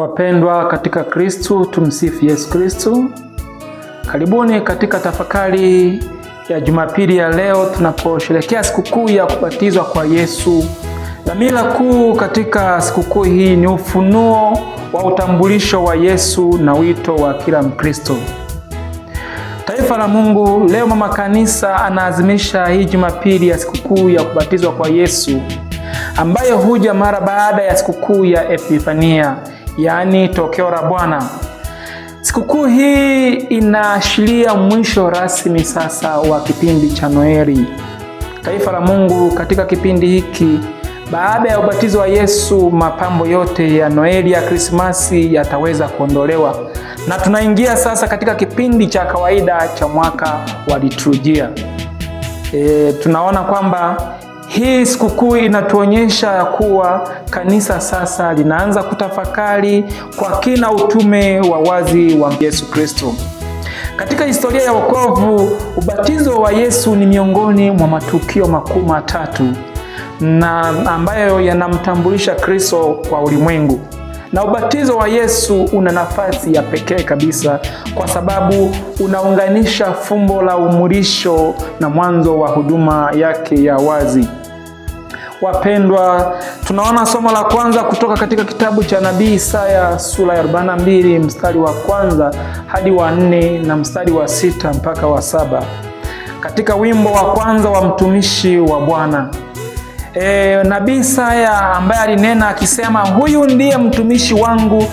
Wapendwa katika Kristu, tumsifu Yesu Kristu. Karibuni katika tafakari ya Jumapili ya leo tunaposherekea sikukuu ya kubatizwa kwa Yesu. Dhamira kuu katika sikukuu hii ni ufunuo wa utambulisho wa Yesu na wito wa kila Mkristo. Taifa la Mungu, leo Mama Kanisa anaazimisha hii Jumapili ya sikukuu ya kubatizwa kwa Yesu ambayo huja mara baada ya sikukuu ya Epifania, yaani tokeo la Bwana. Sikukuu hii inaashiria mwisho rasmi sasa wa kipindi cha Noeli. Taifa la Mungu katika kipindi hiki, baada ya ubatizo wa Yesu, mapambo yote ya Noeli ya Krismasi yataweza kuondolewa na tunaingia sasa katika kipindi cha kawaida cha mwaka wa liturujia. E, tunaona kwamba hii sikukuu inatuonyesha ya kuwa kanisa sasa linaanza kutafakari kwa kina utume wa wazi wa Yesu Kristo. Katika historia ya wokovu, ubatizo wa Yesu ni miongoni mwa matukio makuu matatu na ambayo yanamtambulisha Kristo kwa ulimwengu. Na ubatizo wa Yesu una nafasi ya pekee kabisa kwa sababu unaunganisha fumbo la umulisho na mwanzo wa huduma yake ya wazi. Wapendwa, tunaona somo la kwanza kutoka katika kitabu cha nabii Isaya sura ya 42 mstari wa kwanza hadi wa nne na mstari wa sita mpaka wa saba katika wimbo wa kwanza wa mtumishi wa Bwana. E, nabii Isaya ambaye alinena akisema, huyu ndiye mtumishi wangu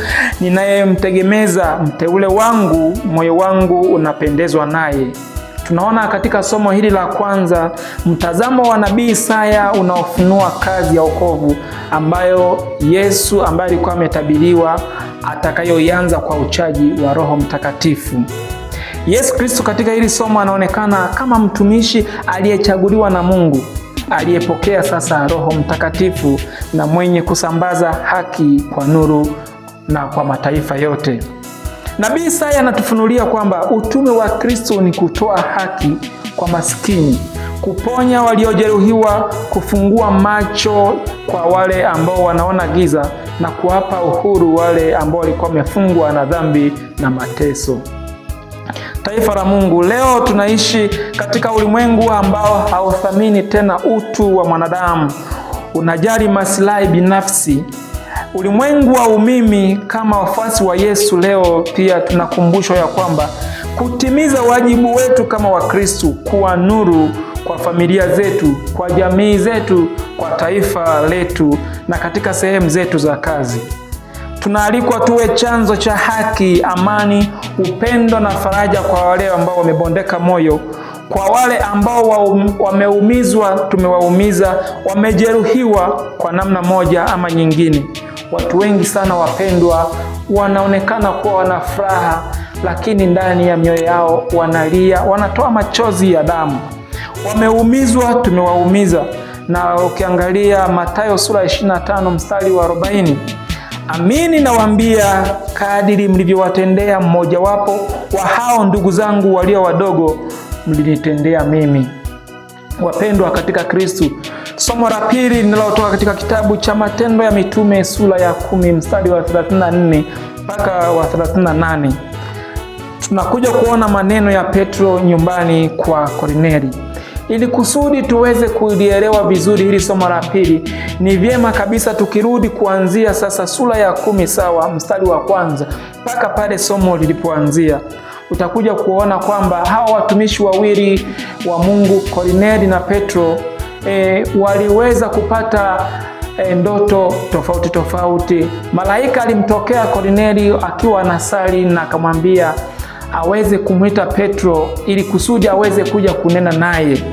ninayemtegemeza, mteule wangu, moyo wangu unapendezwa naye. Tunaona katika somo hili la kwanza mtazamo wa nabii Isaya unaofunua kazi ya wokovu ambayo Yesu ambaye alikuwa ametabiriwa atakayoianza kwa uchaji wa Roho Mtakatifu. Yesu Kristo katika hili somo anaonekana kama mtumishi aliyechaguliwa na Mungu, aliyepokea sasa Roho Mtakatifu na mwenye kusambaza haki kwa nuru na kwa mataifa yote. Nabii Isaya anatufunulia kwamba utume wa Kristo ni kutoa haki kwa maskini, kuponya waliojeruhiwa, kufungua macho kwa wale ambao wanaona giza na kuwapa uhuru wale ambao walikuwa wamefungwa na dhambi na mateso. Taifa la Mungu, leo tunaishi katika ulimwengu ambao hauthamini tena utu wa mwanadamu, unajali maslahi binafsi ulimwengu wa umimi. Kama wafuasi wa Yesu leo pia tunakumbushwa ya kwamba kutimiza wajibu wetu kama Wakristu, kuwa nuru kwa familia zetu, kwa jamii zetu, kwa taifa letu na katika sehemu zetu za kazi. Tunaalikwa tuwe chanzo cha haki, amani, upendo na faraja kwa wale ambao wamebondeka moyo, kwa wale ambao um, wameumizwa, tumewaumiza, wamejeruhiwa kwa namna moja ama nyingine. Watu wengi sana wapendwa, wanaonekana kuwa wana furaha, lakini ndani ya mioyo yao wanalia, wanatoa machozi ya damu. Wameumizwa, tumewaumiza. Na ukiangalia Mathayo sura 25 mstari wa 40, amini nawaambia, kadiri mlivyowatendea mmojawapo wa hao ndugu zangu walio wadogo, mlinitendea mimi. Wapendwa katika Kristu, Somo la pili linalotoka katika kitabu cha Matendo ya Mitume sura ya kumi mstari wa 34 mpaka wa 38. Tunakuja kuona maneno ya Petro nyumbani kwa korineli Ili kusudi tuweze kulielewa vizuri hili somo la pili, ni vyema kabisa tukirudi kuanzia sasa sura ya kumi, sawa, mstari wa kwanza mpaka pale somo lilipoanzia. Utakuja kuona kwamba hawa watumishi wawili wa Mungu korineli na Petro e, waliweza kupata e, ndoto tofauti tofauti. Malaika alimtokea Kornelio akiwa anasali na akamwambia aweze kumwita Petro ili kusudi aweze kuja kunena naye.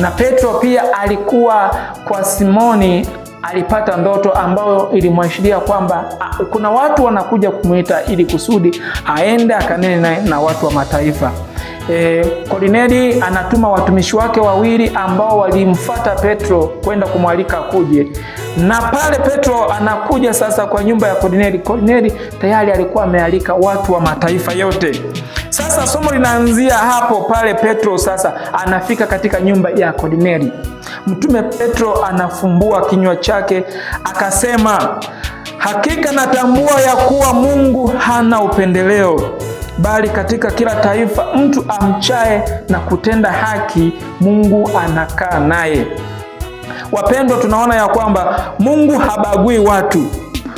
Na Petro pia alikuwa kwa Simoni alipata ndoto ambayo ilimwashiria kwamba ah, kuna watu wanakuja kumwita ili kusudi aende akanene na watu wa mataifa. E, Korneli anatuma watumishi wake wawili ambao walimfuata Petro kwenda kumwalika kuje na pale Petro anakuja sasa kwa nyumba ya Korneli. Korneli tayari alikuwa amealika watu wa mataifa yote. Sasa somo linaanzia hapo pale Petro sasa anafika katika nyumba ya Korneli. Mtume Petro anafumbua kinywa chake akasema, hakika natambua ya kuwa Mungu hana upendeleo bali katika kila taifa mtu amchaye na kutenda haki, Mungu anakaa naye. Wapendwa, tunaona ya kwamba Mungu habagui watu.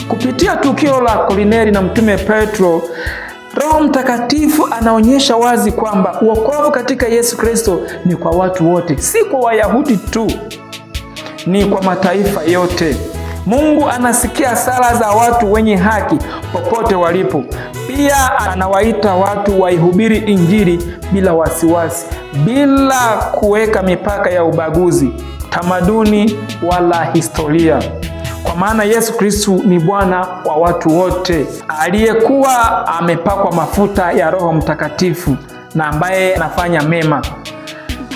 Kupitia tukio la Kornelio na Mtume Petro, Roho Mtakatifu anaonyesha wazi kwamba uokovu katika Yesu Kristo ni kwa watu wote, si kwa Wayahudi tu, ni kwa mataifa yote. Mungu anasikia sala za watu wenye haki popote walipo. Pia anawaita watu waihubiri Injili bila wasiwasi, bila kuweka mipaka ya ubaguzi, tamaduni wala historia, kwa maana Yesu Kristu ni Bwana wa watu wote, aliyekuwa amepakwa mafuta ya Roho Mtakatifu na ambaye anafanya mema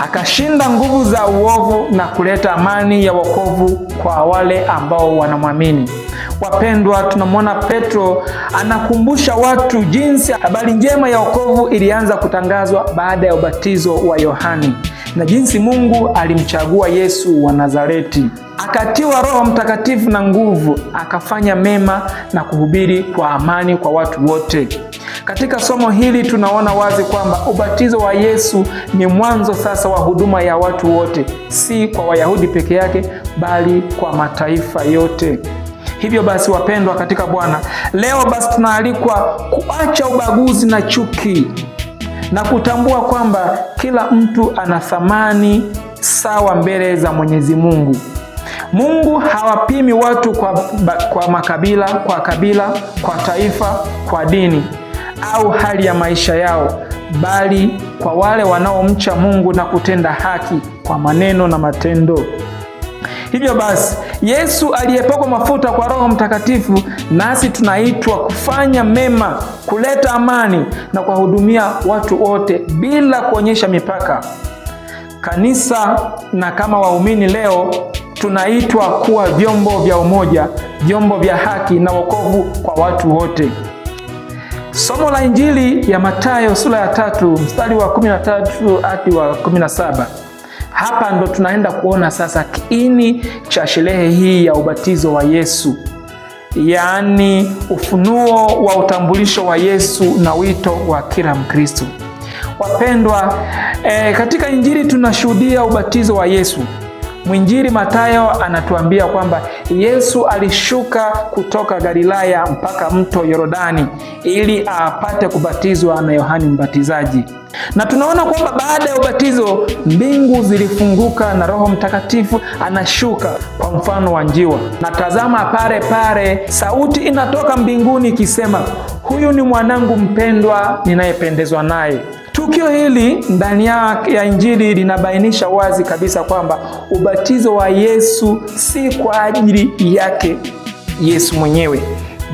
akashinda nguvu za uovu na kuleta amani ya wokovu kwa wale ambao wanamwamini. Wapendwa, tunamwona Petro anakumbusha watu jinsi habari njema ya wokovu ilianza kutangazwa baada ya ubatizo wa Yohani na jinsi Mungu alimchagua Yesu wa Nazareti akatiwa Roho Mtakatifu na nguvu, akafanya mema na kuhubiri kwa amani kwa watu wote. Katika somo hili tunaona wazi kwamba ubatizo wa Yesu ni mwanzo sasa wa huduma ya watu wote, si kwa Wayahudi peke yake, bali kwa mataifa yote. Hivyo basi, wapendwa katika Bwana, leo basi tunaalikwa kuacha ubaguzi na chuki na kutambua kwamba kila mtu ana thamani sawa mbele za Mwenyezi Mungu. Mungu hawapimi watu kwa, kwa makabila, kwa kabila, kwa taifa, kwa dini au hali ya maisha yao, bali kwa wale wanaomcha Mungu na kutenda haki kwa maneno na matendo. Hivyo basi, Yesu aliyepakwa mafuta kwa Roho Mtakatifu, nasi tunaitwa kufanya mema, kuleta amani na kuwahudumia watu wote bila kuonyesha mipaka. Kanisa na kama waumini leo tunaitwa kuwa vyombo vya umoja, vyombo vya haki na wokovu kwa watu wote. Somo la Injili ya Mathayo sura ya tatu mstari wa 13 hadi wa 17. Hapa ndo tunaenda kuona sasa kiini cha sherehe hii ya ubatizo wa Yesu, yaani ufunuo wa utambulisho wa Yesu na wito wa kila Mkristo. Wapendwa, e, katika Injili tunashuhudia ubatizo wa Yesu Mwinjiri Mathayo anatuambia kwamba Yesu alishuka kutoka Galilaya mpaka mto Yordani ili apate kubatizwa na Yohani Mbatizaji. Na tunaona kwamba baada ya ubatizo mbingu zilifunguka na Roho Mtakatifu anashuka kwa mfano wa njiwa. Na tazama, pale pale sauti inatoka mbinguni ikisema, huyu ni mwanangu mpendwa, ninayependezwa naye. Tukio hili ndani ya Injili linabainisha wazi kabisa kwamba ubatizo wa Yesu si kwa ajili yake Yesu mwenyewe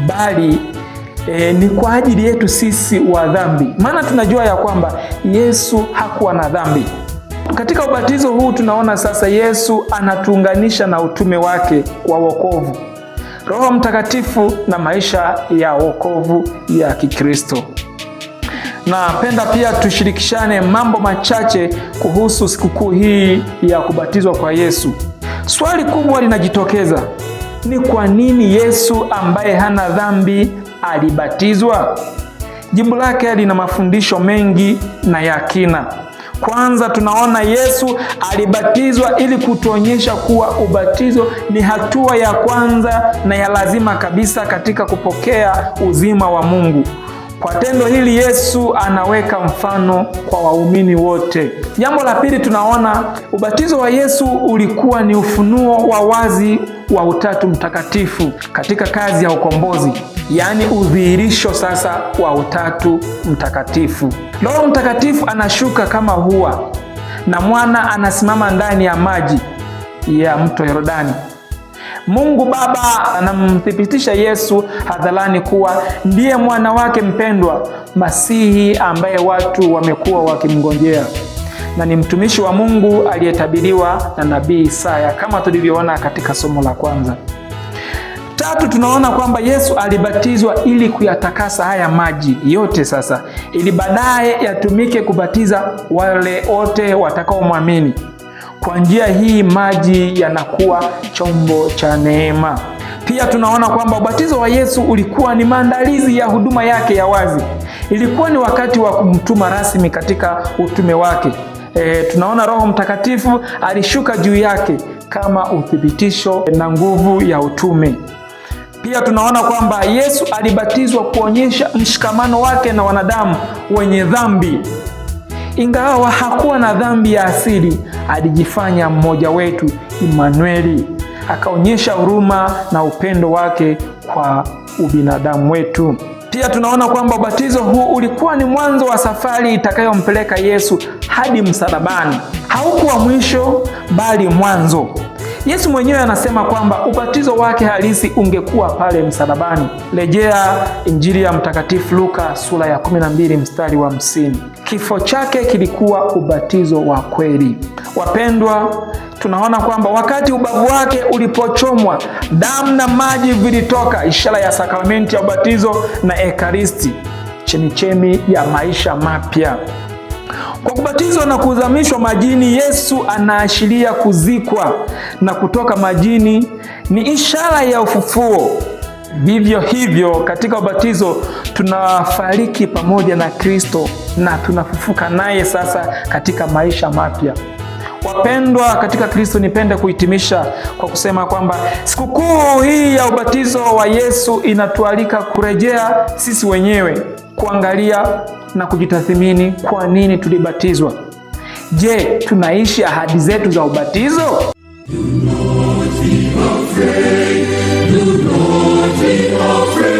bali e, ni kwa ajili yetu sisi wa dhambi, maana tunajua ya kwamba Yesu hakuwa na dhambi. Katika ubatizo huu tunaona sasa Yesu anatuunganisha na utume wake kwa wokovu, Roho Mtakatifu na maisha ya wokovu ya Kikristo. Napenda pia tushirikishane mambo machache kuhusu sikukuu hii ya kubatizwa kwa Yesu. Swali kubwa linajitokeza, ni kwa nini Yesu ambaye hana dhambi alibatizwa? Jibu lake lina mafundisho mengi na ya kina. Kwanza tunaona Yesu alibatizwa ili kutuonyesha kuwa ubatizo ni hatua ya kwanza na ya lazima kabisa katika kupokea uzima wa Mungu. Kwa tendo hili Yesu anaweka mfano kwa waumini wote. Jambo la pili, tunaona ubatizo wa Yesu ulikuwa ni ufunuo wa wazi wa Utatu Mtakatifu katika kazi ya ukombozi, yaani udhihirisho sasa wa Utatu Mtakatifu. Roho Mtakatifu anashuka kama hua na mwana anasimama ndani ya maji ya mto Yordani. Mungu Baba anamthibitisha Yesu hadharani kuwa ndiye mwana wake mpendwa, Masihi ambaye watu wamekuwa wakimngojea na ni mtumishi wa Mungu aliyetabiriwa na nabii Isaya kama tulivyoona katika somo la kwanza. Tatu, tunaona kwamba Yesu alibatizwa ili kuyatakasa haya maji yote sasa, ili baadaye yatumike kubatiza wale wote watakaomwamini. Kwa njia hii maji yanakuwa chombo cha neema. Pia tunaona kwamba ubatizo wa Yesu ulikuwa ni maandalizi ya huduma yake ya wazi. Ilikuwa ni wakati wa kumtuma rasmi katika utume wake. E, tunaona Roho Mtakatifu alishuka juu yake kama uthibitisho na nguvu ya utume. Pia tunaona kwamba Yesu alibatizwa kuonyesha mshikamano wake na wanadamu wenye dhambi. Ingawa hakuwa na dhambi ya asili, alijifanya mmoja wetu, Imanueli, akaonyesha huruma na upendo wake kwa ubinadamu wetu. Pia tunaona kwamba ubatizo huu ulikuwa ni mwanzo wa safari itakayompeleka Yesu hadi msalabani. Haukuwa mwisho, bali mwanzo. Yesu mwenyewe anasema kwamba ubatizo wake halisi ungekuwa pale msalabani. Rejea Injili ya Mtakatifu Luka sura ya 12 mstari wa 50. Kifo chake kilikuwa ubatizo wa kweli. Wapendwa, tunaona kwamba wakati ubavu wake ulipochomwa, damu na maji vilitoka, ishara ya sakramenti ya ubatizo na Ekaristi, chemichemi ya maisha mapya. Kwa kubatizwa na kuzamishwa majini, Yesu anaashiria kuzikwa na kutoka majini ni ishara ya ufufuo. Vivyo hivyo, katika ubatizo tunafariki pamoja na Kristo na tunafufuka naye sasa katika maisha mapya. Wapendwa katika Kristo, nipende kuhitimisha kwa kusema kwamba sikukuu hii ya ubatizo wa Yesu inatualika kurejea sisi wenyewe, kuangalia na kujitathimini, kwa nini tulibatizwa? Je, tunaishi ahadi zetu za ubatizo? Do not be afraid. Do not be afraid.